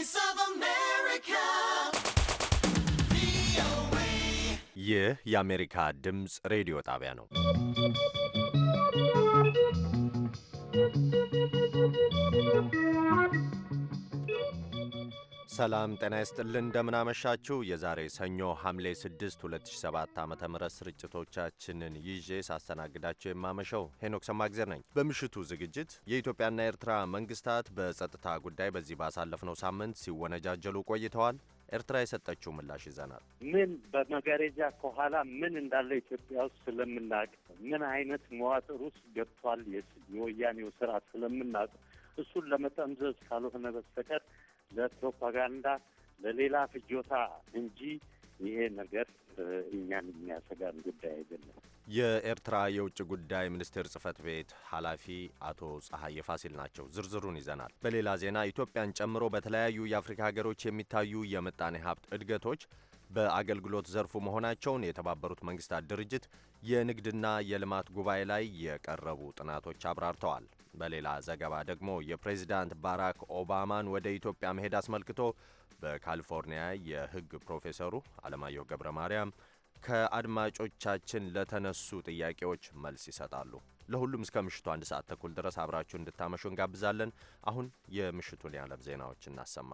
Voice of America. ይህ የአሜሪካ ድምፅ ሬዲዮ ጣቢያ ነው። ሰላም ጤና ይስጥልን እንደምናመሻችሁ። የዛሬ ሰኞ ሐምሌ 6 2007 ዓ ም ስርጭቶቻችንን ይዤ ሳስተናግዳቸው የማመሸው ሄኖክ ሰማግዜር ነኝ። በምሽቱ ዝግጅት የኢትዮጵያና ኤርትራ መንግስታት በጸጥታ ጉዳይ በዚህ ባሳለፍነው ሳምንት ሲወነጃጀሉ ቆይተዋል። ኤርትራ የሰጠችው ምላሽ ይዘናል። ምን በመጋረጃ ከኋላ ምን እንዳለ ኢትዮጵያ ውስጥ ስለምናውቅ ምን አይነት መዋጥር ውስጥ ገብቷል የወያኔው ስርዓት ስለምናውቅ እሱን ለመጠምዘዝ ካልሆነ በስተቀር ለፕሮፓጋንዳ፣ ለሌላ ፍጆታ እንጂ ይሄ ነገር እኛን የሚያሰጋን ጉዳይ አይደለም። የኤርትራ የውጭ ጉዳይ ሚኒስቴር ጽህፈት ቤት ኃላፊ አቶ ጸሐዬ ፋሲል ናቸው። ዝርዝሩን ይዘናል። በሌላ ዜና ኢትዮጵያን ጨምሮ በተለያዩ የአፍሪካ ሀገሮች የሚታዩ የምጣኔ ሀብት እድገቶች በአገልግሎት ዘርፉ መሆናቸውን የተባበሩት መንግስታት ድርጅት የንግድና የልማት ጉባኤ ላይ የቀረቡ ጥናቶች አብራርተዋል። በሌላ ዘገባ ደግሞ የፕሬዚዳንት ባራክ ኦባማን ወደ ኢትዮጵያ መሄድ አስመልክቶ በካሊፎርኒያ የሕግ ፕሮፌሰሩ አለማየሁ ገብረ ማርያም ከአድማጮቻችን ለተነሱ ጥያቄዎች መልስ ይሰጣሉ። ለሁሉም እስከ ምሽቱ አንድ ሰዓት ተኩል ድረስ አብራችሁ እንድታመሹ እንጋብዛለን። አሁን የምሽቱን የዓለም ዜናዎች እናሰማ።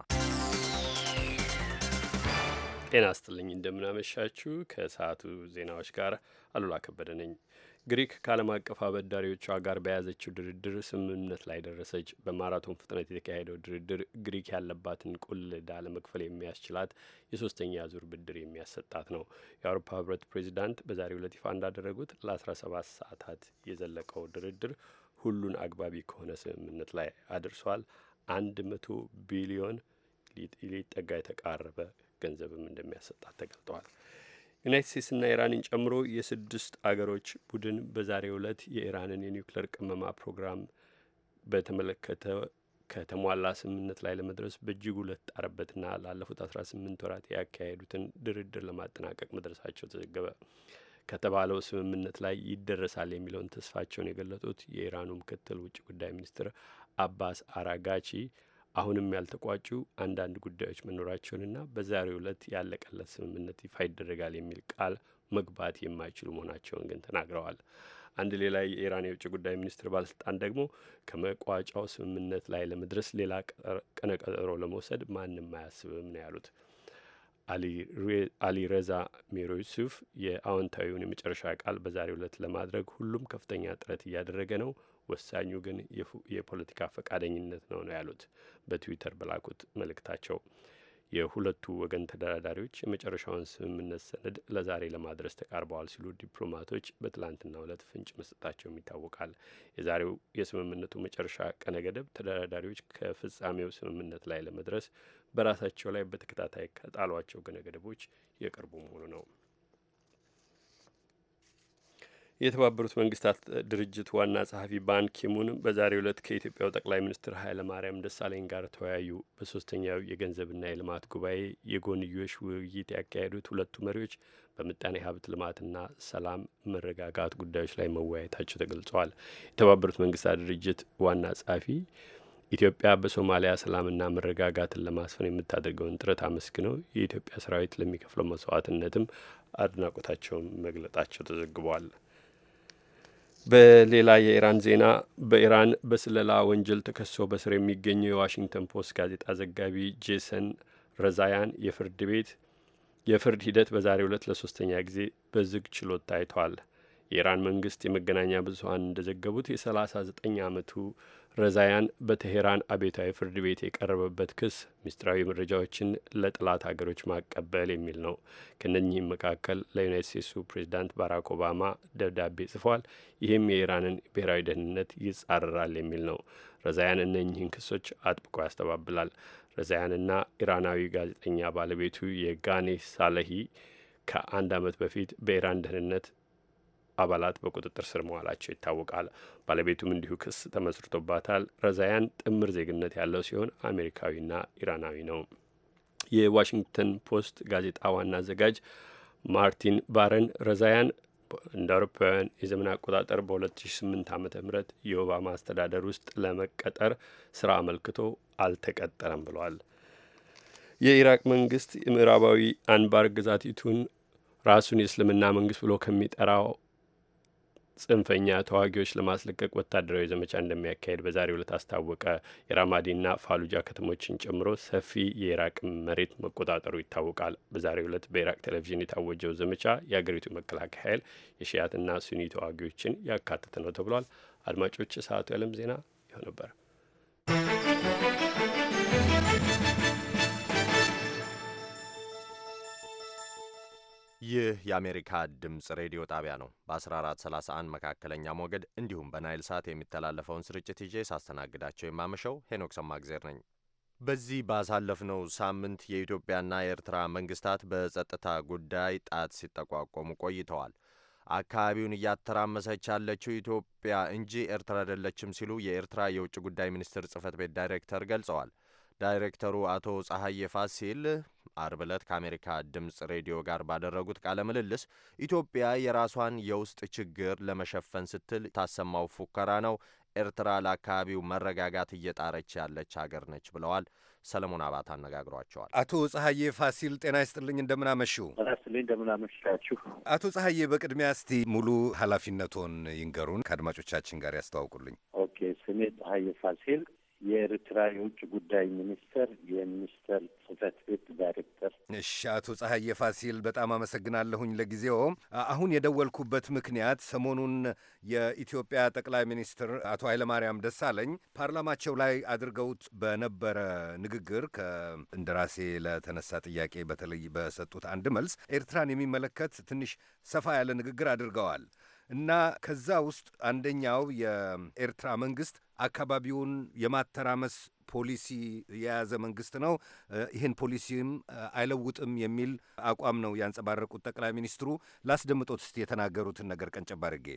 ጤና ስጥልኝ፣ እንደምናመሻችሁ። ከሰዓቱ ዜናዎች ጋር አሉላ ከበደ ነኝ። ግሪክ ከዓለም አቀፍ አበዳሪዎቿ ጋር በያዘችው ድርድር ስምምነት ላይ ደረሰች። በማራቶን ፍጥነት የተካሄደው ድርድር ግሪክ ያለባትን ቁልዕዳ ለመክፈል የሚያስችላት የሶስተኛ ዙር ብድር የሚያሰጣት ነው። የአውሮፓ ህብረት ፕሬዚዳንት በዛሬው ዕለት ይፋ እንዳደረጉት ለ17 ሰዓታት የዘለቀው ድርድር ሁሉን አግባቢ ከሆነ ስምምነት ላይ አድርሷል። አንድ መቶ ቢሊዮን ሊጠጋ የተቃረበ ገንዘብም እንደሚያሰጣት ተገልጠዋል። ዩናይት ስቴትስና ኢራንን ጨምሮ የስድስት አገሮች ቡድን በዛሬ ዕለት የኢራንን የኒውክሌር ቅመማ ፕሮግራም በተመለከተ ከተሟላ ስምምነት ላይ ለመድረስ በእጅጉ ለተጣረበትና ላለፉት 18 ወራት ያካሄዱትን ድርድር ለማጠናቀቅ መድረሳቸው ተዘገበ። ከተባለው ስምምነት ላይ ይደረሳል የሚለውን ተስፋቸውን የገለጡት የኢራኑ ምክትል ውጭ ጉዳይ ሚኒስትር አባስ አራጋቺ አሁንም ያልተቋጩ አንዳንድ ጉዳዮች መኖራቸውንና በዛሬው ዕለት ያለቀለት ስምምነት ይፋ ይደረጋል የሚል ቃል መግባት የማይችሉ መሆናቸውን ግን ተናግረዋል። አንድ ሌላ የኢራን የውጭ ጉዳይ ሚኒስትር ባለስልጣን ደግሞ ከመቋጫው ስምምነት ላይ ለመድረስ ሌላ ቀነ ቀጠሮ ለመውሰድ ማንም አያስብም ነው ያሉት። አሊ ረዛ ሚሮ ዩሱፍ የአዎንታዊውን የመጨረሻ ቃል በዛሬው ዕለት ለማድረግ ሁሉም ከፍተኛ ጥረት እያደረገ ነው ወሳኙ ግን የፖለቲካ ፈቃደኝነት ነው ነው ያሉት በትዊተር በላኩት መልእክታቸው። የሁለቱ ወገን ተደራዳሪዎች የመጨረሻውን ስምምነት ሰነድ ለዛሬ ለማድረስ ተቃርበዋል ሲሉ ዲፕሎማቶች በትላንትና ዕለት ፍንጭ መስጠታቸውም ይታወቃል። የዛሬው የስምምነቱ መጨረሻ ቀነ ገደብ ተደራዳሪዎች ከፍጻሜው ስምምነት ላይ ለመድረስ በራሳቸው ላይ በተከታታይ ከጣሏቸው ቀነ ገደቦች የቅርቡ መሆኑ ነው። የተባበሩት መንግስታት ድርጅት ዋና ጸሐፊ ባንኪሙን ኪሙን በዛሬው ዕለት ከኢትዮጵያው ጠቅላይ ሚኒስትር ኃይለማርያም ደሳለኝ ጋር ተወያዩ። በሶስተኛው የገንዘብና የልማት ጉባኤ የጎንዮሽ ውይይት ያካሄዱት ሁለቱ መሪዎች በምጣኔ ሀብት ልማትና ሰላም መረጋጋት ጉዳዮች ላይ መወያየታቸው ተገልጸዋል። የተባበሩት መንግስታት ድርጅት ዋና ጸሐፊ ኢትዮጵያ በሶማሊያ ሰላምና መረጋጋትን ለማስፈን የምታደርገውን ጥረት አመስግነው የኢትዮጵያ ሰራዊት ለሚከፍለው መስዋዕትነትም አድናቆታቸውን መግለጣቸው ተዘግቧል። በሌላ የኢራን ዜና በኢራን በስለላ ወንጀል ተከሶ በስር የሚገኘው የዋሽንግተን ፖስት ጋዜጣ ዘጋቢ ጄሰን ረዛያን የፍርድ ቤት የፍርድ ሂደት በዛሬው ዕለት ለሶስተኛ ጊዜ በዝግ ችሎት ታይቷል። የኢራን መንግስት የመገናኛ ብዙሀን እንደዘገቡት የ39 ዓመቱ ረዛያን በቴሄራን አቤታዊ ፍርድ ቤት የቀረበበት ክስ ምስጢራዊ መረጃዎችን ለጠላት ሀገሮች ማቀበል የሚል ነው። ከነኚህም መካከል ለዩናይት ስቴትሱ ፕሬዚዳንት ባራክ ኦባማ ደብዳቤ ጽፏል። ይህም የኢራንን ብሔራዊ ደህንነት ይጻረራል የሚል ነው። ረዛያን እነኚህን ክሶች አጥብቆ ያስተባብላል። ረዛያንና ኢራናዊ ጋዜጠኛ ባለቤቱ የጋኔ ሳለሂ ከአንድ ዓመት በፊት በኢራን ደህንነት አባላት በቁጥጥር ስር መዋላቸው ይታወቃል። ባለቤቱም እንዲሁ ክስ ተመስርቶባታል። ረዛያን ጥምር ዜግነት ያለው ሲሆን አሜሪካዊና ኢራናዊ ነው። የዋሽንግተን ፖስት ጋዜጣ ዋና አዘጋጅ ማርቲን ባረን ረዛያን እንደ አውሮፓውያን የዘመን አቆጣጠር በ2008 ዓ ም የኦባማ አስተዳደር ውስጥ ለመቀጠር ስራ አመልክቶ አልተቀጠረም ብሏል። የኢራቅ መንግስት የምዕራባዊ አንባር ግዛቲቱን ራሱን የእስልምና መንግስት ብሎ ከሚጠራው ጽንፈኛ ተዋጊዎች ለማስለቀቅ ወታደራዊ ዘመቻ እንደሚያካሄድ በዛሬው ዕለት አስታወቀ። የራማዲና ፋሉጃ ከተሞችን ጨምሮ ሰፊ የኢራቅ መሬት መቆጣጠሩ ይታወቃል። በዛሬው ዕለት በኢራቅ ቴሌቪዥን የታወጀው ዘመቻ የአገሪቱ መከላከያ ኃይል የሺያትና ሱኒ ተዋጊዎችን ያካተተ ነው ተብሏል። አድማጮች፣ የሰዓቱ የዓለም ዜና ይኸው ነበር። ይህ የአሜሪካ ድምፅ ሬዲዮ ጣቢያ ነው። በ1431 መካከለኛ ሞገድ እንዲሁም በናይል ሳት የሚተላለፈውን ስርጭት ይዤ ሳስተናግዳቸው የማመሸው ሄኖክ ሰማግዜር ነኝ። በዚህ ባሳለፍነው ሳምንት የኢትዮጵያና የኤርትራ መንግስታት በጸጥታ ጉዳይ ጣት ሲጠቋቆሙ ቆይተዋል። አካባቢውን እያተራመሰች ያለችው ኢትዮጵያ እንጂ ኤርትራ አይደለችም ሲሉ የኤርትራ የውጭ ጉዳይ ሚኒስቴር ጽህፈት ቤት ዳይሬክተር ገልጸዋል። ዳይሬክተሩ አቶ ጸሐዬ ፋሲል አርብ ዕለት ከአሜሪካ ድምፅ ሬዲዮ ጋር ባደረጉት ቃለ ምልልስ ኢትዮጵያ የራሷን የውስጥ ችግር ለመሸፈን ስትል ታሰማው ፉከራ ነው፣ ኤርትራ ለአካባቢው መረጋጋት እየጣረች ያለች ሀገር ነች ብለዋል። ሰለሞን አባት አነጋግሯቸዋል። አቶ ጸሐዬ ፋሲል ጤና ይስጥልኝ፣ እንደምናመሹ። ጤና እንደምናመሻችሁ። አቶ ጸሐዬ በቅድሚያ እስቲ ሙሉ ኃላፊነቶን ይንገሩን፣ ከአድማጮቻችን ጋር ያስተዋውቁልኝ። ኦኬ፣ ስሜ ጸሐዬ ፋሲል የኤርትራ የውጭ ጉዳይ ሚኒስቴር የሚኒስቴር ጽህፈት ቤት ዳይሬክተር። እሺ፣ አቶ ፀሐየ ፋሲል በጣም አመሰግናለሁኝ ለጊዜው። አሁን የደወልኩበት ምክንያት ሰሞኑን የኢትዮጵያ ጠቅላይ ሚኒስትር አቶ ኃይለማርያም ደሳለኝ ፓርላማቸው ላይ አድርገውት በነበረ ንግግር ከእንደራሴ ለተነሳ ጥያቄ በተለይ በሰጡት አንድ መልስ ኤርትራን የሚመለከት ትንሽ ሰፋ ያለ ንግግር አድርገዋል። እና ከዛ ውስጥ አንደኛው የኤርትራ መንግስት አካባቢውን የማተራመስ ፖሊሲ የያዘ መንግስት ነው። ይህን ፖሊሲም አይለውጥም የሚል አቋም ነው ያንጸባረቁት ጠቅላይ ሚኒስትሩ። ላስደምጦት ስ የተናገሩትን ነገር ቀንጨብ አድርጌ።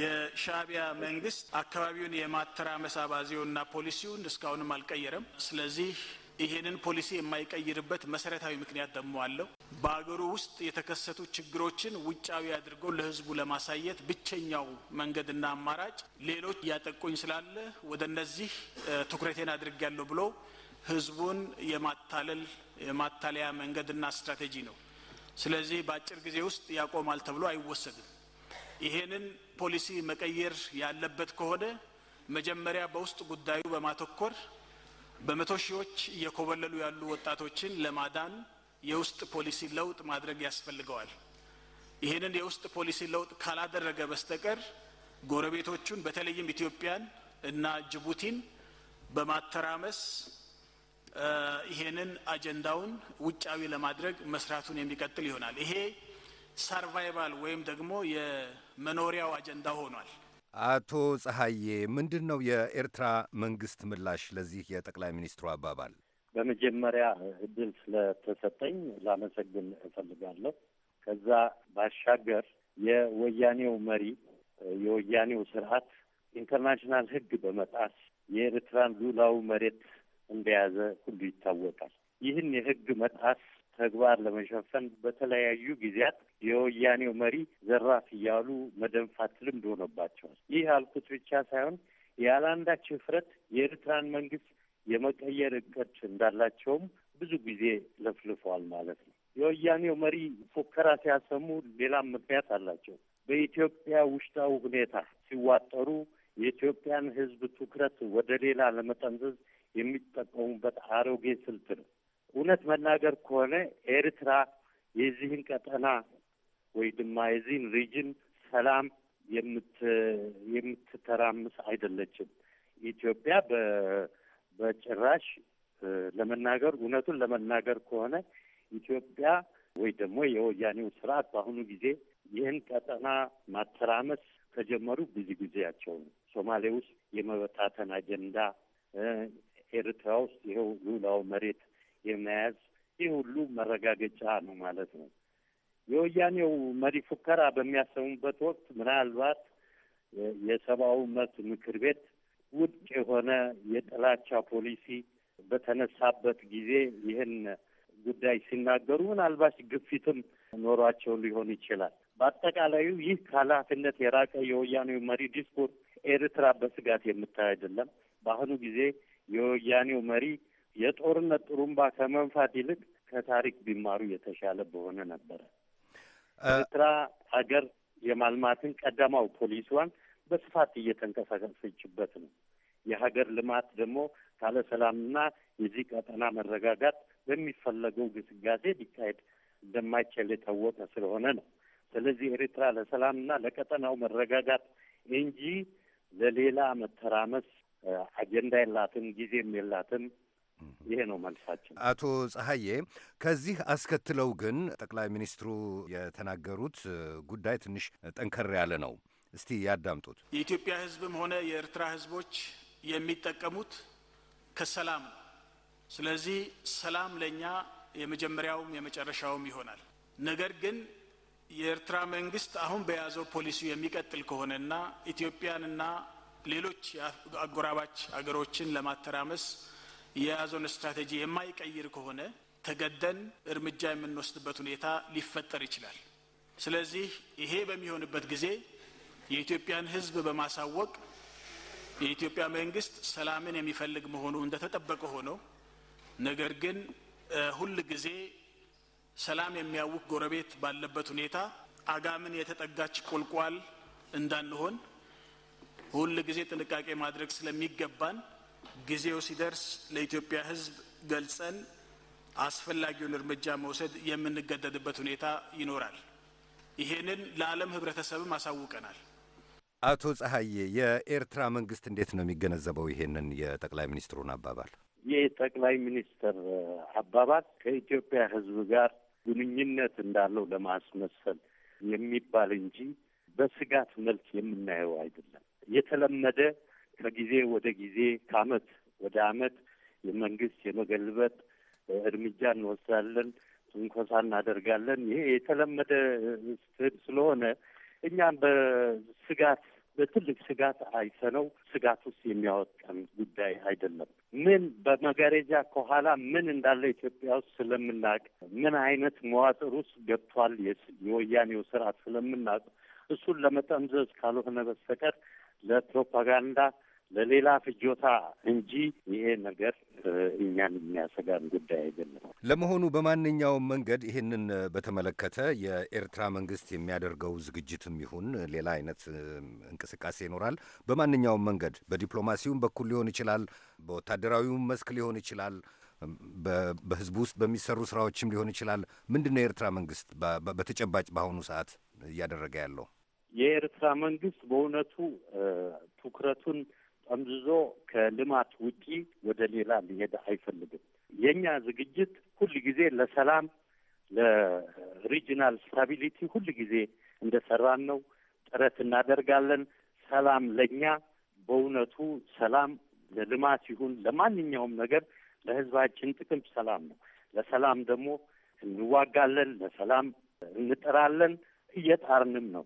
የሻቢያ መንግስት አካባቢውን የማተራመስ አባዜውና ፖሊሲውን እስካሁንም አልቀየረም። ስለዚህ ይሄንን ፖሊሲ የማይቀይርበት መሰረታዊ ምክንያት ደግሞ አለው። በሀገሩ ውስጥ የተከሰቱ ችግሮችን ውጫዊ አድርገው ለህዝቡ ለማሳየት ብቸኛው መንገድና አማራጭ ሌሎች እያጠቁኝ ስላለ ወደ እነዚህ ትኩረቴን ያለው ብሎ ህዝቡን የማታለል የማታለያ መንገድና ስትራቴጂ ነው። ስለዚህ በአጭር ጊዜ ውስጥ ያቆማል ተብሎ አይወሰድም። ይሄንን ፖሊሲ መቀየር ያለበት ከሆነ መጀመሪያ በውስጥ ጉዳዩ በማተኮር በመቶ ሺዎች እየኮበለሉ ያሉ ወጣቶችን ለማዳን የውስጥ ፖሊሲ ለውጥ ማድረግ ያስፈልገዋል። ይህንን የውስጥ ፖሊሲ ለውጥ ካላደረገ በስተቀር ጎረቤቶቹን በተለይም ኢትዮጵያን እና ጅቡቲን በማተራመስ ይሄንን አጀንዳውን ውጫዊ ለማድረግ መስራቱን የሚቀጥል ይሆናል። ይሄ ሰርቫይቫል ወይም ደግሞ የመኖሪያው አጀንዳ ሆኗል። አቶ ፀሐዬ ምንድን ነው የኤርትራ መንግስት ምላሽ ለዚህ የጠቅላይ ሚኒስትሩ አባባል? በመጀመሪያ እድል ስለተሰጠኝ ላመሰግን እፈልጋለሁ። ከዛ ባሻገር የወያኔው መሪ የወያኔው ስርዓት ኢንተርናሽናል ህግ በመጣስ የኤርትራን ሉዓላዊ መሬት እንደያዘ ሁሉ ይታወቃል። ይህን የህግ መጣስ ተግባር ለመሸፈን በተለያዩ ጊዜያት የወያኔው መሪ ዘራፍ እያሉ መደንፋት ልምድ ሆኖባቸዋል። ይህ ያልኩት ብቻ ሳይሆን ያለአንዳች ህፍረት የኤርትራን መንግስት የመቀየር እቅድ እንዳላቸውም ብዙ ጊዜ ለፍልፈዋል ማለት ነው። የወያኔው መሪ ፉከራ ሲያሰሙ ሌላም ምክንያት አላቸው። በኢትዮጵያ ውስጣዊ ሁኔታ ሲዋጠሩ የኢትዮጵያን ህዝብ ትኩረት ወደ ሌላ ለመጠምዘዝ የሚጠቀሙበት አሮጌ ስልት ነው። እውነት መናገር ከሆነ ኤርትራ የዚህን ቀጠና ወይ ድማ የዚህን ሪጅን ሰላም የምትተራምስ አይደለችም። ኢትዮጵያ በጭራሽ ለመናገር እውነቱን ለመናገር ከሆነ ኢትዮጵያ ወይ ደግሞ የወያኔው ስርዓት በአሁኑ ጊዜ ይህን ቀጠና ማተራመስ ከጀመሩ ብዙ ጊዜያቸው ነው። ሶማሌ ውስጥ የመበታተን አጀንዳ፣ ኤርትራ ውስጥ ይኸው ሉላው መሬት የመያዝ ይህ ሁሉ መረጋገጫ ነው ማለት ነው። የወያኔው መሪ ፉከራ በሚያሰሙበት ወቅት ምናልባት የሰብአዊ መብት ምክር ቤት ውድቅ የሆነ የጥላቻ ፖሊሲ በተነሳበት ጊዜ ይህን ጉዳይ ሲናገሩ ምናልባት ግፊትም ኖሯቸው ሊሆን ይችላል። በአጠቃላዩ ይህ ከኃላፊነት የራቀ የወያኔው መሪ ዲስኩር ኤርትራ በስጋት የምታይ አይደለም። በአሁኑ ጊዜ የወያኔው መሪ የጦርነት ጥሩምባ ከመንፋት ይልቅ ከታሪክ ቢማሩ የተሻለ በሆነ ነበረ። ኤርትራ ሀገር የማልማትን ቀዳማው ፖሊሲዋን በስፋት እየተንቀሳቀሰችበት ነው። የሀገር ልማት ደግሞ ካለ ሰላምና የዚህ ቀጠና መረጋጋት በሚፈለገው ግስጋሴ ሊካሄድ እንደማይቻል የታወቀ ስለሆነ ነው። ስለዚህ ኤርትራ ለሰላምና ለቀጠናው መረጋጋት እንጂ ለሌላ መተራመስ አጀንዳ የላትም፣ ጊዜም የላትም። ይሄ ነው መልሳችን። አቶ ጸሐዬ፣ ከዚህ አስከትለው ግን ጠቅላይ ሚኒስትሩ የተናገሩት ጉዳይ ትንሽ ጠንከር ያለ ነው። እስቲ ያዳምጡት። የኢትዮጵያ ሕዝብም ሆነ የኤርትራ ሕዝቦች የሚጠቀሙት ከሰላም ነው። ስለዚህ ሰላም ለእኛ የመጀመሪያውም የመጨረሻውም ይሆናል። ነገር ግን የኤርትራ መንግስት አሁን በያዘው ፖሊሲ የሚቀጥል ከሆነና ኢትዮጵያንና ሌሎች አጎራባች አገሮችን ለማተራመስ የያዘውን ስትራቴጂ የማይቀይር ከሆነ ተገደን እርምጃ የምንወስድበት ሁኔታ ሊፈጠር ይችላል። ስለዚህ ይሄ በሚሆንበት ጊዜ የኢትዮጵያን ሕዝብ በማሳወቅ የኢትዮጵያ መንግስት ሰላምን የሚፈልግ መሆኑ እንደተጠበቀ ሆኖ ነገር ግን ሁል ጊዜ ሰላም የሚያውቅ ጎረቤት ባለበት ሁኔታ አጋምን የተጠጋች ቁልቋል እንዳንሆን ሁል ጊዜ ጥንቃቄ ማድረግ ስለሚገባን ጊዜው ሲደርስ ለኢትዮጵያ ህዝብ ገልጸን አስፈላጊውን እርምጃ መውሰድ የምንገደድበት ሁኔታ ይኖራል። ይሄንን ለዓለም ህብረተሰብም አሳውቀናል። አቶ ጸሐዬ፣ የኤርትራ መንግስት እንዴት ነው የሚገነዘበው ይሄንን የጠቅላይ ሚኒስትሩን አባባል? ይህ የጠቅላይ ሚኒስትር አባባል ከኢትዮጵያ ህዝብ ጋር ግንኙነት እንዳለው ለማስመሰል የሚባል እንጂ በስጋት መልክ የምናየው አይደለም። የተለመደ ከጊዜ ወደ ጊዜ ከአመት ወደ አመት የመንግስት የመገልበጥ እርምጃ እንወስዳለን፣ ትንኮሳ እናደርጋለን። ይሄ የተለመደ ስትሄድ ስለሆነ እኛም በስጋት በትልቅ ስጋት አይሰነው ስጋት ውስጥ የሚያወጣን ጉዳይ አይደለም። ምን በመጋረጃ ከኋላ ምን እንዳለ ኢትዮጵያ ውስጥ ስለምናውቅ ምን አይነት መዋጥር ውስጥ ገብቷል የወያኔው ስርዓት ስለምናውቅ እሱን ለመጠምዘዝ ካልሆነ በስተቀር ለፕሮፓጋንዳ ለሌላ ፍጆታ እንጂ ይሄ ነገር እኛን የሚያሰጋን ጉዳይ አይደለም። ለመሆኑ በማንኛውም መንገድ ይህንን በተመለከተ የኤርትራ መንግስት የሚያደርገው ዝግጅትም ይሁን ሌላ አይነት እንቅስቃሴ ይኖራል? በማንኛውም መንገድ በዲፕሎማሲውም በኩል ሊሆን ይችላል፣ በወታደራዊውም መስክ ሊሆን ይችላል፣ በህዝቡ ውስጥ በሚሰሩ ስራዎችም ሊሆን ይችላል። ምንድን ነው የኤርትራ መንግስት በተጨባጭ በአሁኑ ሰዓት እያደረገ ያለው? የኤርትራ መንግስት በእውነቱ ትኩረቱን ጠምዝዞ ከልማት ውጪ ወደ ሌላ ሊሄድ አይፈልግም። የእኛ ዝግጅት ሁል ጊዜ ለሰላም ለሪጂናል ስታቢሊቲ ሁል ጊዜ እንደሰራን ነው። ጥረት እናደርጋለን። ሰላም ለእኛ በእውነቱ ሰላም ለልማት ይሁን ለማንኛውም ነገር ለህዝባችን ጥቅም ሰላም ነው። ለሰላም ደግሞ እንዋጋለን፣ ለሰላም እንጥራለን፣ እየጣርንም ነው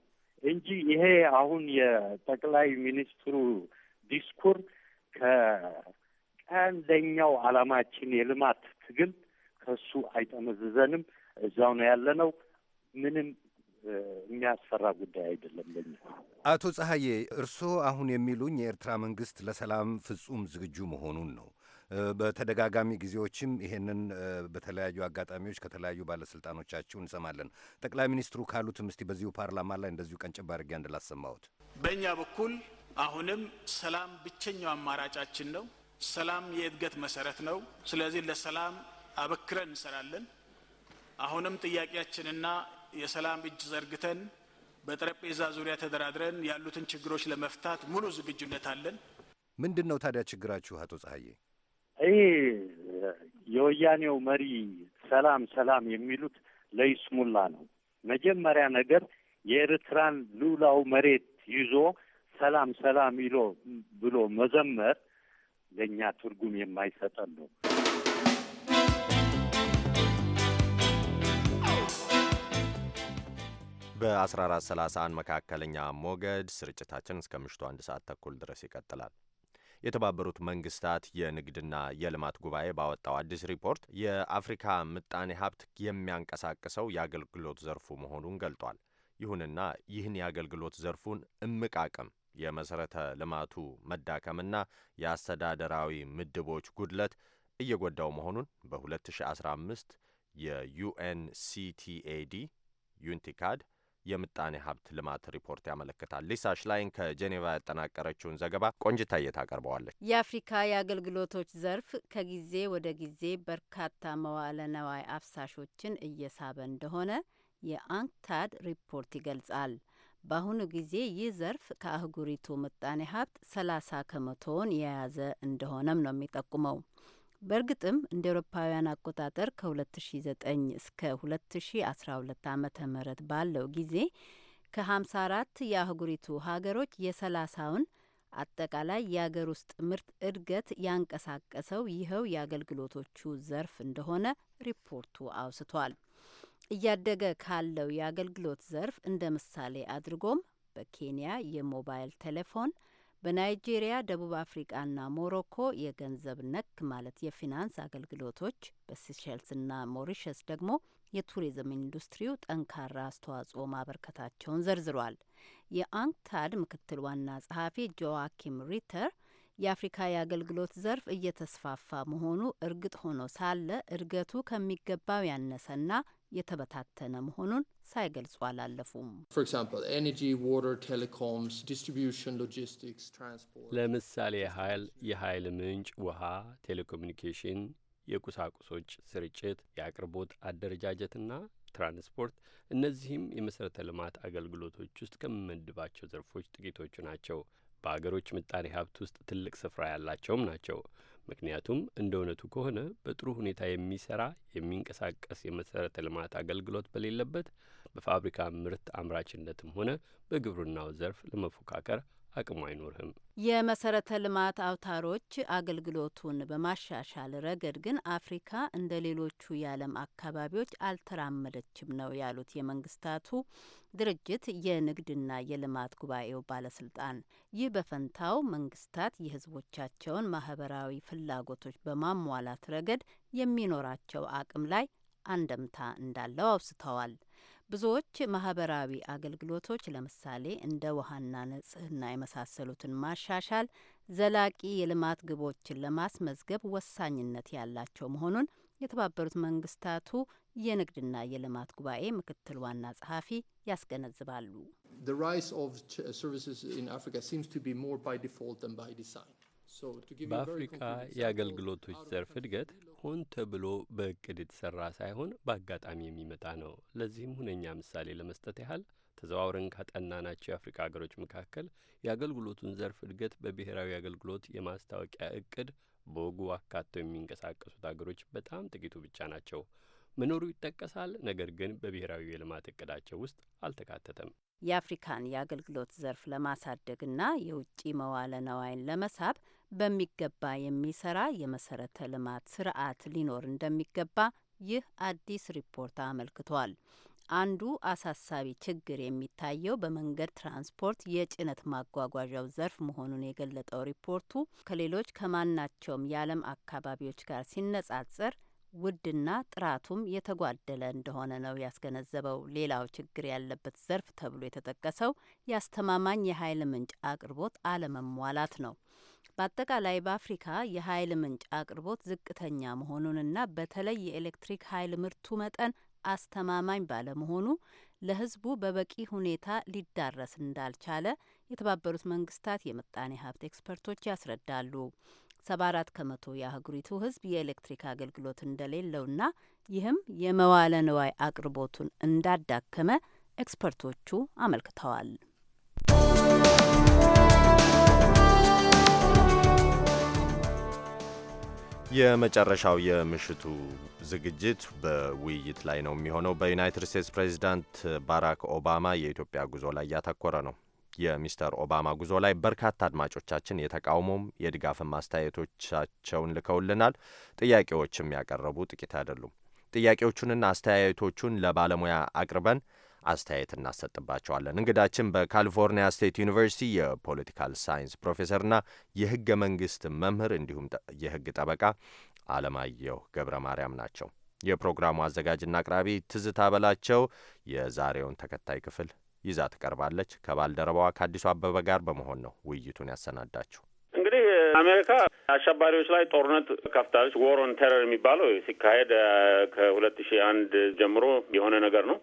እንጂ ይሄ አሁን የጠቅላይ ሚኒስትሩ ዲስኩር ከቀንደኛው አላማችን የልማት ትግል ከሱ አይጠመዝዘንም። እዛው ነው ያለ ነው። ምንም የሚያስፈራ ጉዳይ አይደለም ለኛ። አቶ ፀሐዬ እርስዎ አሁን የሚሉኝ የኤርትራ መንግስት ለሰላም ፍጹም ዝግጁ መሆኑን ነው። በተደጋጋሚ ጊዜዎችም ይሄንን በተለያዩ አጋጣሚዎች ከተለያዩ ባለስልጣኖቻችሁ እንሰማለን። ጠቅላይ ሚኒስትሩ ካሉትም እስቲ በዚሁ ፓርላማ ላይ እንደዚሁ ቀንጨብ አድርጌ እንድላሰማዎት በእኛ በኩል አሁንም ሰላም ብቸኛው አማራጫችን ነው። ሰላም የእድገት መሰረት ነው። ስለዚህ ለሰላም አበክረን እንሰራለን። አሁንም ጥያቄያችንና የሰላም እጅ ዘርግተን በጠረጴዛ ዙሪያ ተደራድረን ያሉትን ችግሮች ለመፍታት ሙሉ ዝግጁነት አለን። ምንድን ነው ታዲያ ችግራችሁ አቶ ፀሐዬ ይህ የወያኔው መሪ ሰላም ሰላም የሚሉት ለይስሙላ ነው። መጀመሪያ ነገር የኤርትራን ሉላው መሬት ይዞ ሰላም ሰላም ይሎ ብሎ መዘመር ለእኛ ትርጉም የማይሰጠን ነው። በ1431 መካከለኛ ሞገድ ስርጭታችን እስከ ምሽቱ አንድ ሰዓት ተኩል ድረስ ይቀጥላል። የተባበሩት መንግስታት የንግድና የልማት ጉባኤ ባወጣው አዲስ ሪፖርት የአፍሪካ ምጣኔ ሀብት የሚያንቀሳቅሰው የአገልግሎት ዘርፉ መሆኑን ገልጧል። ይሁንና ይህን የአገልግሎት ዘርፉን እምቅ አቅም የመሠረተ ልማቱ መዳከምና የአስተዳደራዊ ምድቦች ጉድለት እየጎዳው መሆኑን በ2015 የዩኤንሲቲኤዲ ዩንቲካድ የምጣኔ ሀብት ልማት ሪፖርት ያመለክታል። ሊሳ ሽላይን ከጄኔቫ ያጠናቀረችውን ዘገባ ቆንጅታ ታቀርበዋለች። የአፍሪካ የአገልግሎቶች ዘርፍ ከጊዜ ወደ ጊዜ በርካታ መዋለ ነዋይ አፍሳሾችን እየሳበ እንደሆነ የአንክታድ ሪፖርት ይገልጻል። በአሁኑ ጊዜ ይህ ዘርፍ ከአህጉሪቱ ምጣኔ ሀብት 30 ከመቶውን የያዘ እንደሆነም ነው የሚጠቁመው። በእርግጥም እንደ ኤሮፓውያን አቆጣጠር ከ2009 እስከ 2012 ዓ ም ባለው ጊዜ ከ54 የአህጉሪቱ ሀገሮች የ30ውን አጠቃላይ የአገር ውስጥ ምርት እድገት ያንቀሳቀሰው ይኸው የአገልግሎቶቹ ዘርፍ እንደሆነ ሪፖርቱ አውስቷል። እያደገ ካለው የአገልግሎት ዘርፍ እንደ ምሳሌ አድርጎም በኬንያ የሞባይል ቴሌፎን፣ በናይጄሪያ፣ ደቡብ አፍሪቃና ሞሮኮ የገንዘብ ነክ ማለት የፊናንስ አገልግሎቶች፣ በሲሸልስና ሞሪሸስ ደግሞ የቱሪዝም ኢንዱስትሪው ጠንካራ አስተዋጽኦ ማበርከታቸውን ዘርዝሯል። የአንክታድ ምክትል ዋና ጸሐፊ ጆዋኪም ሪተር የአፍሪካ የአገልግሎት ዘርፍ እየተስፋፋ መሆኑ እርግጥ ሆኖ ሳለ እድገቱ ከሚገባው ያነሰና የተበታተነ መሆኑን ሳይገልጹ አላለፉም። ለምሳሌ ኃይል፣ የኃይል ምንጭ፣ ውሃ፣ ቴሌኮሚኒኬሽን የቁሳቁሶች ስርጭት፣ የአቅርቦት አደረጃጀትና ትራንስፖርት እነዚህም የመሠረተ ልማት አገልግሎቶች ውስጥ ከምመድባቸው ዘርፎች ጥቂቶቹ ናቸው። በአገሮች ምጣኔ ሀብት ውስጥ ትልቅ ስፍራ ያላቸውም ናቸው። ምክንያቱም እንደ እውነቱ ከሆነ በጥሩ ሁኔታ የሚሰራ የሚንቀሳቀስ የመሠረተ ልማት አገልግሎት በሌለበት በፋብሪካ ምርት አምራችነትም ሆነ በግብርናው ዘርፍ ለመፎካከር አቅሙ አይኖርህም። የመሰረተ ልማት አውታሮች አገልግሎቱን በማሻሻል ረገድ ግን አፍሪካ እንደ ሌሎቹ የዓለም አካባቢዎች አልተራመደችም ነው ያሉት የመንግስታቱ ድርጅት የንግድና የልማት ጉባኤው ባለስልጣን። ይህ በፈንታው መንግስታት የህዝቦቻቸውን ማህበራዊ ፍላጎቶች በማሟላት ረገድ የሚኖራቸው አቅም ላይ አንደምታ እንዳለው አውስተዋል። ብዙዎች ማህበራዊ አገልግሎቶች ለምሳሌ እንደ ውሃና ንጽህና የመሳሰሉትን ማሻሻል ዘላቂ የልማት ግቦችን ለማስመዝገብ ወሳኝነት ያላቸው መሆኑን የተባበሩት መንግስታቱ የንግድና የልማት ጉባኤ ምክትል ዋና ጸሐፊ ያስገነዝባሉ። በአፍሪካ የአገልግሎቶች ዘርፍ እድገት ሆን ተብሎ በእቅድ የተሰራ ሳይሆን በአጋጣሚ የሚመጣ ነው። ለዚህም ሁነኛ ምሳሌ ለመስጠት ያህል ተዘዋውረን ካጠናናቸው የአፍሪካ ሀገሮች መካከል የአገልግሎቱን ዘርፍ እድገት በብሔራዊ አገልግሎት የማስታወቂያ እቅድ በወጉ አካተው የሚንቀሳቀሱት አገሮች በጣም ጥቂቱ ብቻ ናቸው። መኖሩ ይጠቀሳል። ነገር ግን በብሔራዊ የልማት እቅዳቸው ውስጥ አልተካተተም። የአፍሪካን የአገልግሎት ዘርፍ ለማሳደግና የውጭ መዋለ ነዋይን ለመሳብ በሚገባ የሚሰራ የመሰረተ ልማት ስርዓት ሊኖር እንደሚገባ ይህ አዲስ ሪፖርት አመልክቷል። አንዱ አሳሳቢ ችግር የሚታየው በመንገድ ትራንስፖርት የጭነት ማጓጓዣው ዘርፍ መሆኑን የገለጠው ሪፖርቱ ከሌሎች ከማናቸውም የዓለም አካባቢዎች ጋር ሲነጻጸር ውድና ጥራቱም የተጓደለ እንደሆነ ነው ያስገነዘበው። ሌላው ችግር ያለበት ዘርፍ ተብሎ የተጠቀሰው የአስተማማኝ የኃይል ምንጭ አቅርቦት አለመሟላት ነው። በአጠቃላይ በአፍሪካ የኃይል ምንጭ አቅርቦት ዝቅተኛ መሆኑንና በተለይ የኤሌክትሪክ ኃይል ምርቱ መጠን አስተማማኝ ባለመሆኑ ለሕዝቡ በበቂ ሁኔታ ሊዳረስ እንዳልቻለ የተባበሩት መንግስታት የምጣኔ ሀብት ኤክስፐርቶች ያስረዳሉ። ሰባ አራት ከመቶ የአህጉሪቱ ሕዝብ የኤሌክትሪክ አገልግሎት እንደሌለውና ይህም የመዋለ ንዋይ አቅርቦቱን እንዳዳከመ ኤክስፐርቶቹ አመልክተዋል። የመጨረሻው የምሽቱ ዝግጅት በውይይት ላይ ነው የሚሆነው። በዩናይትድ ስቴትስ ፕሬዚዳንት ባራክ ኦባማ የኢትዮጵያ ጉዞ ላይ እያተኮረ ነው። የሚስተር ኦባማ ጉዞ ላይ በርካታ አድማጮቻችን የተቃውሞም የድጋፍም አስተያየቶቻቸውን ልከውልናል። ጥያቄዎችም ያቀረቡ ጥቂት አይደሉም። ጥያቄዎቹንና አስተያየቶቹን ለባለሙያ አቅርበን አስተያየት እናሰጥባቸዋለን። እንግዳችን በካሊፎርኒያ ስቴት ዩኒቨርሲቲ የፖለቲካል ሳይንስ ፕሮፌሰርና የህገ መንግስት መምህር እንዲሁም የህግ ጠበቃ አለማየሁ ገብረ ማርያም ናቸው። የፕሮግራሙ አዘጋጅና አቅራቢ ትዝታ በላቸው የዛሬውን ተከታይ ክፍል ይዛ ትቀርባለች። ከባልደረባዋ ከአዲሱ አበበ ጋር በመሆን ነው ውይይቱን ያሰናዳችው። እንግዲህ አሜሪካ አሸባሪዎች ላይ ጦርነት ከፍታለች። ዎር ኦን ቴረር የሚባለው ሲካሄድ ከሁለት ሺህ አንድ ጀምሮ የሆነ ነገር ነው።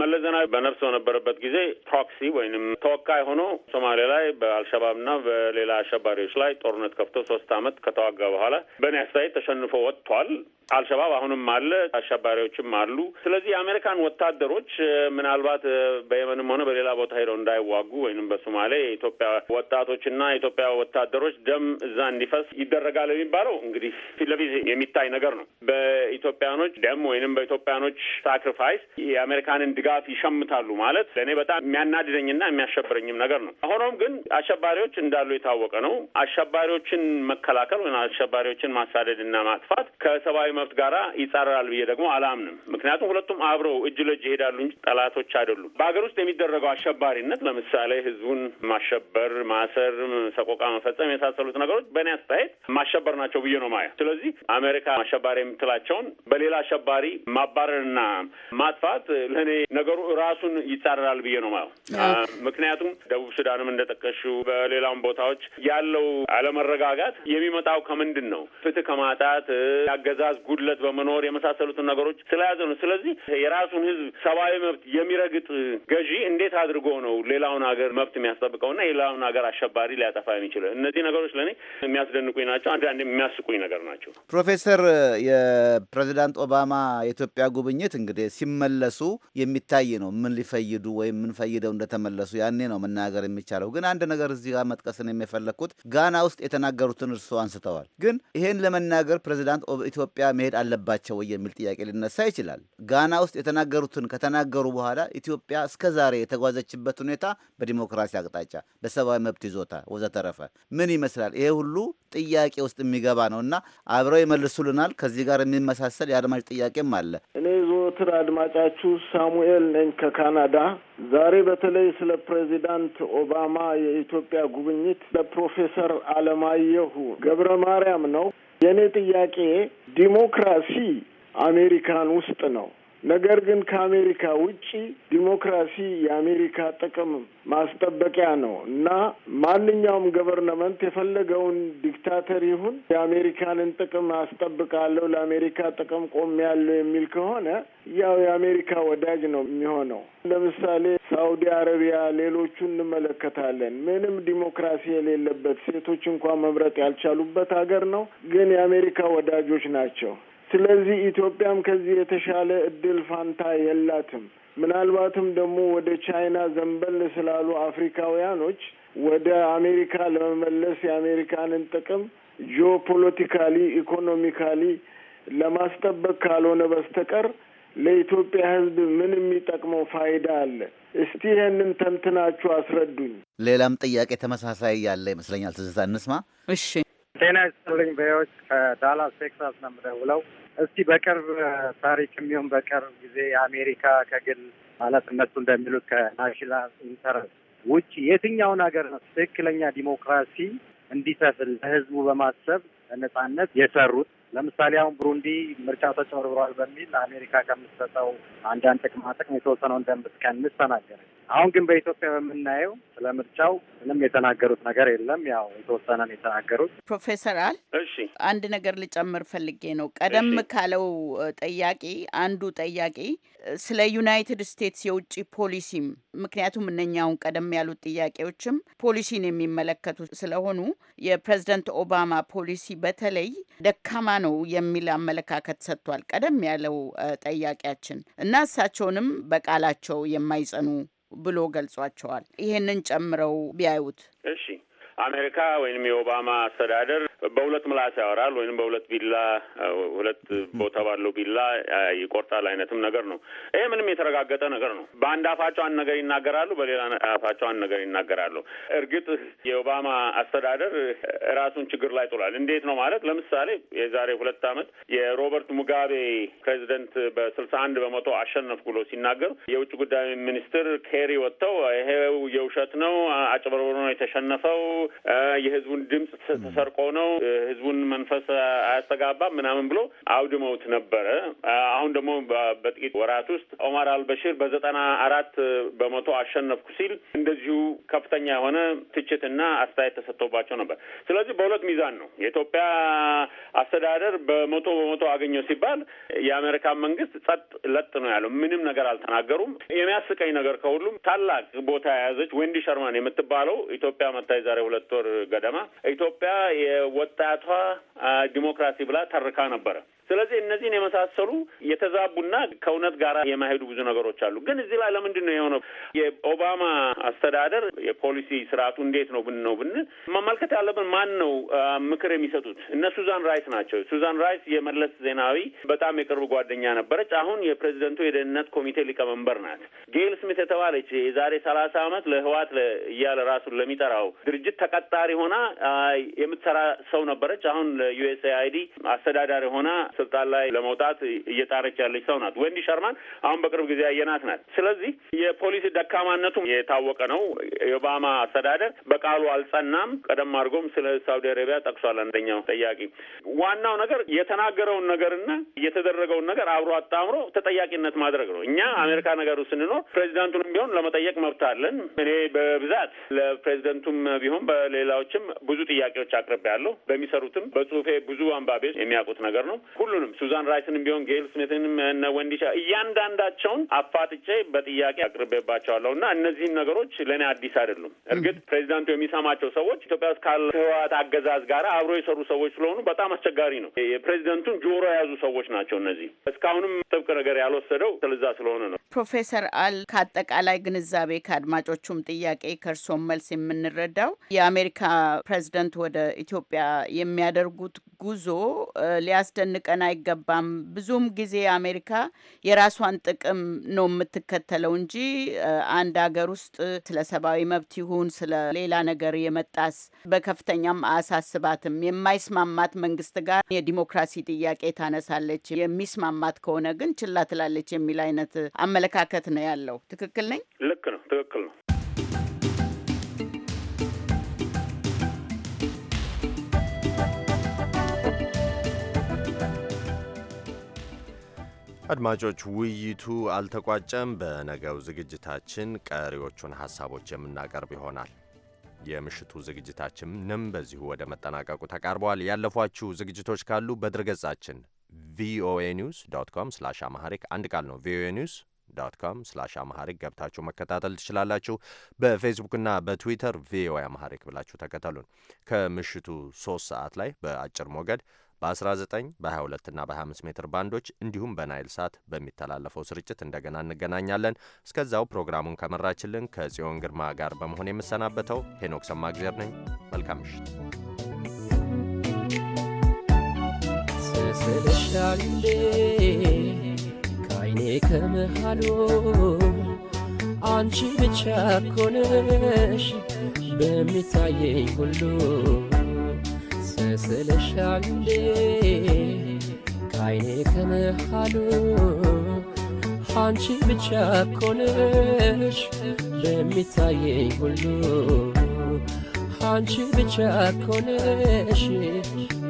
መለስ ዜናዊ በነፍስ በነበረበት ጊዜ ፕሮክሲ ወይም ተወካይ ሆኖ ሶማሌ ላይ በአልሸባብና በሌላ አሸባሪዎች ላይ ጦርነት ከፍቶ ሶስት አመት ከተዋጋ በኋላ በእኔ አስተያየት ተሸንፎ ወጥቷል። አልሸባብ አሁንም አለ፣ አሸባሪዎችም አሉ። ስለዚህ የአሜሪካን ወታደሮች ምናልባት በየመንም ሆነ በሌላ ቦታ ሄደው እንዳይዋጉ ወይም በሶማሌ የኢትዮጵያ ወጣቶችና የኢትዮጵያ ወታደሮች ደም እዛ እንዲፈስ ይደረጋል የሚባለው እንግዲህ ፊት ለፊት የሚታይ ነገር ነው። በኢትዮጵያኖች ደም ወይንም በኢትዮጵያኖች ሳክሪፋይስ የአሜሪካንን ድጋፍ ይሸምታሉ ማለት ለእኔ በጣም የሚያናድደኝና የሚያሸብረኝም ነገር ነው። ሆኖም ግን አሸባሪዎች እንዳሉ የታወቀ ነው። አሸባሪዎችን መከላከል ወይም አሸባሪዎችን ማሳደድ ማጥፋት ከሰብአዊ መብት ጋራ ይጻረራል ብዬ ደግሞ አላምንም። ምክንያቱም ሁለቱም አብረው እጅ ለእጅ ይሄዳሉ እንጂ ጠላቶች አይደሉም። በሀገር ውስጥ የሚደረገው አሸባሪነት ለምሳሌ ህዝቡን ማሸበር፣ ማሰር፣ ሰቆቃ መፈጸም የመሳሰሉት ነገሮች በእኔ አስተያየት ማሸበር ናቸው ብዬ ነው ማየው። ስለዚህ አሜሪካ አሸባሪ የምትላቸውን በሌላ አሸባሪ ማባረርና ማጥፋት ለእኔ ነገሩ ራሱን ይጻረራል ብዬ ነው ማየው። ምክንያቱም ደቡብ ሱዳንም እንደጠቀሹ በሌላም ቦታዎች ያለው አለመረጋጋት የሚመጣው ከምንድን ነው? ፍትህ ከማጣት ያገዛዝ ጉድለት በመኖር የመሳሰሉትን ነገሮች ስለያዘ ነው። ስለዚህ የራሱን ህዝብ ሰብአዊ መብት የሚረግጥ ገዢ እንዴት አድርጎ ነው ሌላውን ሀገር መብት የሚያስጠብቀውና የሌላውን ሀገር አሸባሪ ሊያጠፋ የሚችል? እነዚህ ነገሮች ለእኔ የሚያስደንቁኝ ናቸው። አንዳንድ የሚያስቁኝ ነገር ናቸው። ፕሮፌሰር፣ የፕሬዚዳንት ኦባማ የኢትዮጵያ ጉብኝት እንግዲህ ሲመለሱ የሚታይ ነው። ምን ሊፈይዱ ወይም ምን ፈይደው እንደተመለሱ ያኔ ነው መናገር የሚቻለው። ግን አንድ ነገር እዚህ ጋር መጥቀስን የሚፈለግኩት ጋና ውስጥ የተናገሩትን እርስዎ አንስተዋል። ግን ይሄን ለመናገር ፕሬዚዳንት ኢትዮጵያ መሄድ አለባቸው ወይ የሚል ጥያቄ ሊነሳ ይችላል። ጋና ውስጥ የተናገሩትን ከተናገሩ በኋላ ኢትዮጵያ እስከ ዛሬ የተጓዘችበት ሁኔታ በዲሞክራሲ አቅጣጫ፣ በሰብአዊ መብት ይዞታ ወዘተረፈ ምን ይመስላል? ይሄ ሁሉ ጥያቄ ውስጥ የሚገባ ነው እና አብረው ይመልሱልናል። ከዚህ ጋር የሚመሳሰል የአድማጭ ጥያቄም አለ። እኔ ዞትር አድማጫችሁ ሳሙኤል ነኝ ከካናዳ። ዛሬ በተለይ ስለ ፕሬዚዳንት ኦባማ የኢትዮጵያ ጉብኝት ለፕሮፌሰር አለማየሁ ገብረ ማርያም ነው የእኔ ጥያቄ ዲሞክራሲ አሜሪካን ውስጥ ነው ነገር ግን ከአሜሪካ ውጪ ዲሞክራሲ የአሜሪካ ጥቅም ማስጠበቂያ ነው እና ማንኛውም ገቨርነመንት የፈለገውን ዲክታተር ይሁን የአሜሪካንን ጥቅም አስጠብቃለሁ፣ ለአሜሪካ ጥቅም ቆሜያለሁ የሚል ከሆነ ያው የአሜሪካ ወዳጅ ነው የሚሆነው። ለምሳሌ ሳውዲ አረቢያ፣ ሌሎቹ እንመለከታለን። ምንም ዲሞክራሲ የሌለበት ሴቶች እንኳን መምረጥ ያልቻሉበት ሀገር ነው፣ ግን የአሜሪካ ወዳጆች ናቸው። ስለዚህ ኢትዮጵያም ከዚህ የተሻለ እድል ፋንታ የላትም። ምናልባትም ደግሞ ወደ ቻይና ዘንበል ስላሉ አፍሪካውያኖች ወደ አሜሪካ ለመመለስ የአሜሪካንን ጥቅም ጂኦፖለቲካሊ፣ ኢኮኖሚካሊ ለማስጠበቅ ካልሆነ በስተቀር ለኢትዮጵያ ሕዝብ ምን የሚጠቅመው ፋይዳ አለ? እስቲ ይህንን ተንትናችሁ አስረዱኝ። ሌላም ጥያቄ ተመሳሳይ ያለ ይመስለኛል። ትዝታ እንስማ። እሺ ጤና ይስጥልኝ በዎች ከዳላስ ቴክሳስ ነው የምደውለው። እስቲ በቅርብ ታሪክ የሚሆን በቅርብ ጊዜ የአሜሪካ ከግል ማለት እነሱ እንደሚሉት ከናሽናል ኢንተረስት ውጭ የትኛውን ሀገር ነው ትክክለኛ ዲሞክራሲ እንዲሰፍል ለህዝቡ በማሰብ ነጻነት የሰሩት? ለምሳሌ አሁን ብሩንዲ ምርጫ ተጭበርብሯል በሚል አሜሪካ ከምትሰጠው አንዳንድ ጥቅማ ጥቅም የተወሰነውን እንደምትቀንስ ተናገረች። አሁን ግን በኢትዮጵያ በምናየው ስለ ምርጫው ምንም የተናገሩት ነገር የለም። ያው ነው የተናገሩት ፕሮፌሰር አል እሺ፣ አንድ ነገር ልጨምር ፈልጌ ነው። ቀደም ካለው ጠያቂ አንዱ ጠያቂ ስለ ዩናይትድ ስቴትስ የውጭ ፖሊሲም ምክንያቱም እነኛውን ቀደም ያሉት ጥያቄዎችም ፖሊሲን የሚመለከቱ ስለሆኑ የፕሬዝደንት ኦባማ ፖሊሲ በተለይ ደካማ ነው የሚል አመለካከት ሰጥቷል ቀደም ያለው ጠያቂያችን እና እሳቸውንም በቃላቸው የማይጸኑ ብሎ ገልጿቸዋል። ይሄንን ጨምረው ቢያዩት። እሺ አሜሪካ ወይም የኦባማ አስተዳደር በሁለት ምላስ ያወራል ወይም በሁለት ቢላ ሁለት ቦታ ባለው ቢላ ይቆርጣል አይነትም ነገር ነው። ይሄ ምንም የተረጋገጠ ነገር ነው። በአንድ አፋቸው አንድ ነገር ይናገራሉ፣ በሌላ አፋቸው አንድ ነገር ይናገራሉ። እርግጥ የኦባማ አስተዳደር ራሱን ችግር ላይ ጥሏል። እንዴት ነው ማለት ለምሳሌ የዛሬ ሁለት ዓመት የሮበርት ሙጋቤ ፕሬዚደንት በስልሳ አንድ በመቶ አሸነፍ ብሎ ሲናገር የውጭ ጉዳይ ሚኒስትር ኬሪ ወጥተው ይሄው የውሸት ነው፣ አጭበርብሮ ነው የተሸነፈው የህዝቡን ድምፅ ተሰርቆ ነው፣ ህዝቡን መንፈስ አያስተጋባ ምናምን ብሎ አውድመውት ነበረ። አሁን ደግሞ በጥቂት ወራት ውስጥ ኦማር አልበሽር በዘጠና አራት በመቶ አሸነፍኩ ሲል እንደዚሁ ከፍተኛ የሆነ ትችትና አስተያየት ተሰጥቶባቸው ነበር። ስለዚህ በሁለት ሚዛን ነው የኢትዮጵያ አስተዳደር በመቶ በመቶ አገኘው ሲባል የአሜሪካን መንግስት ጸጥ ለጥ ነው ያለው። ምንም ነገር አልተናገሩም። የሚያስቀኝ ነገር ከሁሉም ታላቅ ቦታ የያዘች ወንዲ ሸርማን የምትባለው ኢትዮጵያ መታይ ዛሬ ሁለት ሁለት ወር ገደማ ኢትዮጵያ የወጣቷ ዲሞክራሲ ብላ ተርካ ነበረ። ስለዚህ እነዚህን የመሳሰሉ የተዛቡና ከእውነት ጋር የማሄዱ ብዙ ነገሮች አሉ። ግን እዚህ ላይ ለምንድን ነው የሆነው? የኦባማ አስተዳደር የፖሊሲ ስርዓቱ እንዴት ነው ብን ነው ብን መመልከት ያለብን ማን ነው ምክር የሚሰጡት? እነ ሱዛን ራይስ ናቸው። ሱዛን ራይስ የመለስ ዜናዊ በጣም የቅርብ ጓደኛ ነበረች። አሁን የፕሬዚደንቱ የደህንነት ኮሚቴ ሊቀመንበር ናት። ጌል ስሚት የተባለች የዛሬ ሰላሳ ዓመት ለህዋት እያለ ራሱን ለሚጠራው ድርጅት ተቀጣሪ ሆና የምትሰራ ሰው ነበረች። አሁን ለዩኤስኤአይዲ አስተዳዳሪ ሆና ስልጣን ላይ ለመውጣት እየጣረች ያለች ሰው ናት። ወንዲ ሸርማን አሁን በቅርብ ጊዜ ያየናት ናት። ስለዚህ የፖሊሲ ደካማነቱም የታወቀ ነው። የኦባማ አስተዳደር በቃሉ አልጸናም። ቀደም አድርጎም ስለ ሳውዲ አረቢያ ጠቅሷል። አንደኛው ጠያቂ ዋናው ነገር የተናገረውን ነገርና የተደረገውን ነገር አብሮ አጣምሮ ተጠያቂነት ማድረግ ነው። እኛ አሜሪካ ነገሩ ስንኖር ፕሬዚዳንቱንም ቢሆን ለመጠየቅ መብት አለን። እኔ በብዛት ለፕሬዚደንቱም ቢሆን በሌላዎችም ብዙ ጥያቄዎች አቅርቤያለሁ። በሚሰሩትም በጽሁፌ ብዙ አንባቢዎች የሚያውቁት ነገር ነው። ሁሉንም ሱዛን ራይስንም ቢሆን ጌል ስሜትንም እነ ወንዲሻ እያንዳንዳቸውን አፋጥጬ በጥያቄ አቅርቤባቸዋለሁ እና እነዚህን ነገሮች ለእኔ አዲስ አይደሉም። እርግጥ ፕሬዚዳንቱ የሚሰማቸው ሰዎች ኢትዮጵያ ውስጥ ካለ ህወሓት አገዛዝ ጋር አብሮ የሰሩ ሰዎች ስለሆኑ በጣም አስቸጋሪ ነው። የፕሬዚደንቱን ጆሮ የያዙ ሰዎች ናቸው እነዚህ። እስካሁንም ጥብቅ ነገር ያልወሰደው ስለዛ ስለሆነ ነው። ፕሮፌሰር አል ከአጠቃላይ ግንዛቤ ከአድማጮቹም ጥያቄ ከእርሶም መልስ የምንረዳው የአሜሪካ ፕሬዚደንት ወደ ኢትዮጵያ የሚያደርጉት ጉዞ ሊያስደንቀን አይገባም። ብዙም ጊዜ አሜሪካ የራሷን ጥቅም ነው የምትከተለው እንጂ አንድ ሀገር ውስጥ ስለ ሰብአዊ መብት ይሁን ስለ ሌላ ነገር የመጣስ በከፍተኛም አያሳስባትም። የማይስማማት መንግስት ጋር የዲሞክራሲ ጥያቄ ታነሳለች፣ የሚስማማት ከሆነ ግን ችላ ትላለች የሚል አይነት አመለካከት ነው ያለው። ትክክል ነኝ? ልክ ነው። ትክክል ነው። አድማጮች ውይይቱ አልተቋጨም። በነገው ዝግጅታችን ቀሪዎቹን ሀሳቦች የምናቀርብ ይሆናል። የምሽቱ ዝግጅታችንም በዚሁ ወደ መጠናቀቁ ተቃርበዋል። ያለፏችሁ ዝግጅቶች ካሉ በድረገጻችን ቪኦኤ ኒውስ ዶት ኮም ስላሽ አማሐሪክ አንድ ቃል ነው ቪኦኤ ኒውስ ዶት ኮም ስላሽ አማሐሪክ ገብታችሁ መከታተል ትችላላችሁ። በፌስቡክና በትዊተር ቪኦኤ አማሐሪክ ብላችሁ ተከተሉን። ከምሽቱ ሶስት ሰዓት ላይ በአጭር ሞገድ በ19 በ22 እና በ25 ሜትር ባንዶች እንዲሁም በናይል ሳት በሚተላለፈው ስርጭት እንደገና እንገናኛለን። እስከዛው ፕሮግራሙን ከመራችልን ከጽዮን ግርማ ጋር በመሆን የምሰናበተው ሄኖክ ሰማግዜር ነኝ። መልካም ምሽት። ከአይኔ ከመሃሉ አንቺ ብቻ ኮነሽ በሚታየኝ ሁሉ سلاشان دی کائن کنه حالو هنچی بچه کنهش به می تایی کلو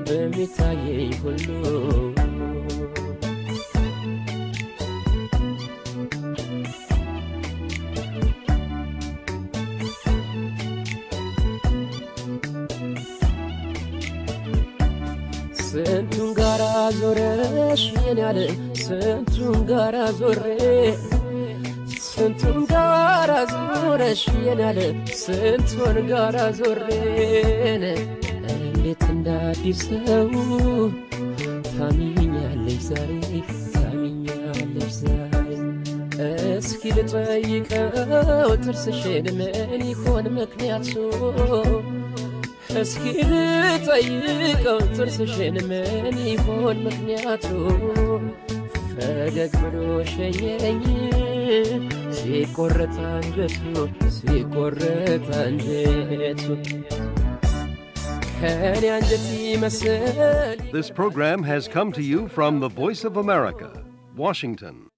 به می ዞረሽ የኔያለ ስንቱን ጋራ ዞሬ ስንቱን ጋራ ዞረሽ የኔያለ ስንቱን ጋራ ዞሬን እንዴት እንዳዲስ ሰው ታሚኛለሽ ዛሬ ታሚኛለሽ ዛሬ እስኪ ልጠይቀው ጥርስሽን ምን ይሆን ምክንያቱ እስኪ ልጠይቀው ጥርስሽን ምን ይሆን ምክንያቱ? ፈገግ ብሎ ሸኘኝ ሲቆረጥ አንጀቱ ሲቆረጥ አንጀቱ This program has come to you from the Voice of America, Washington.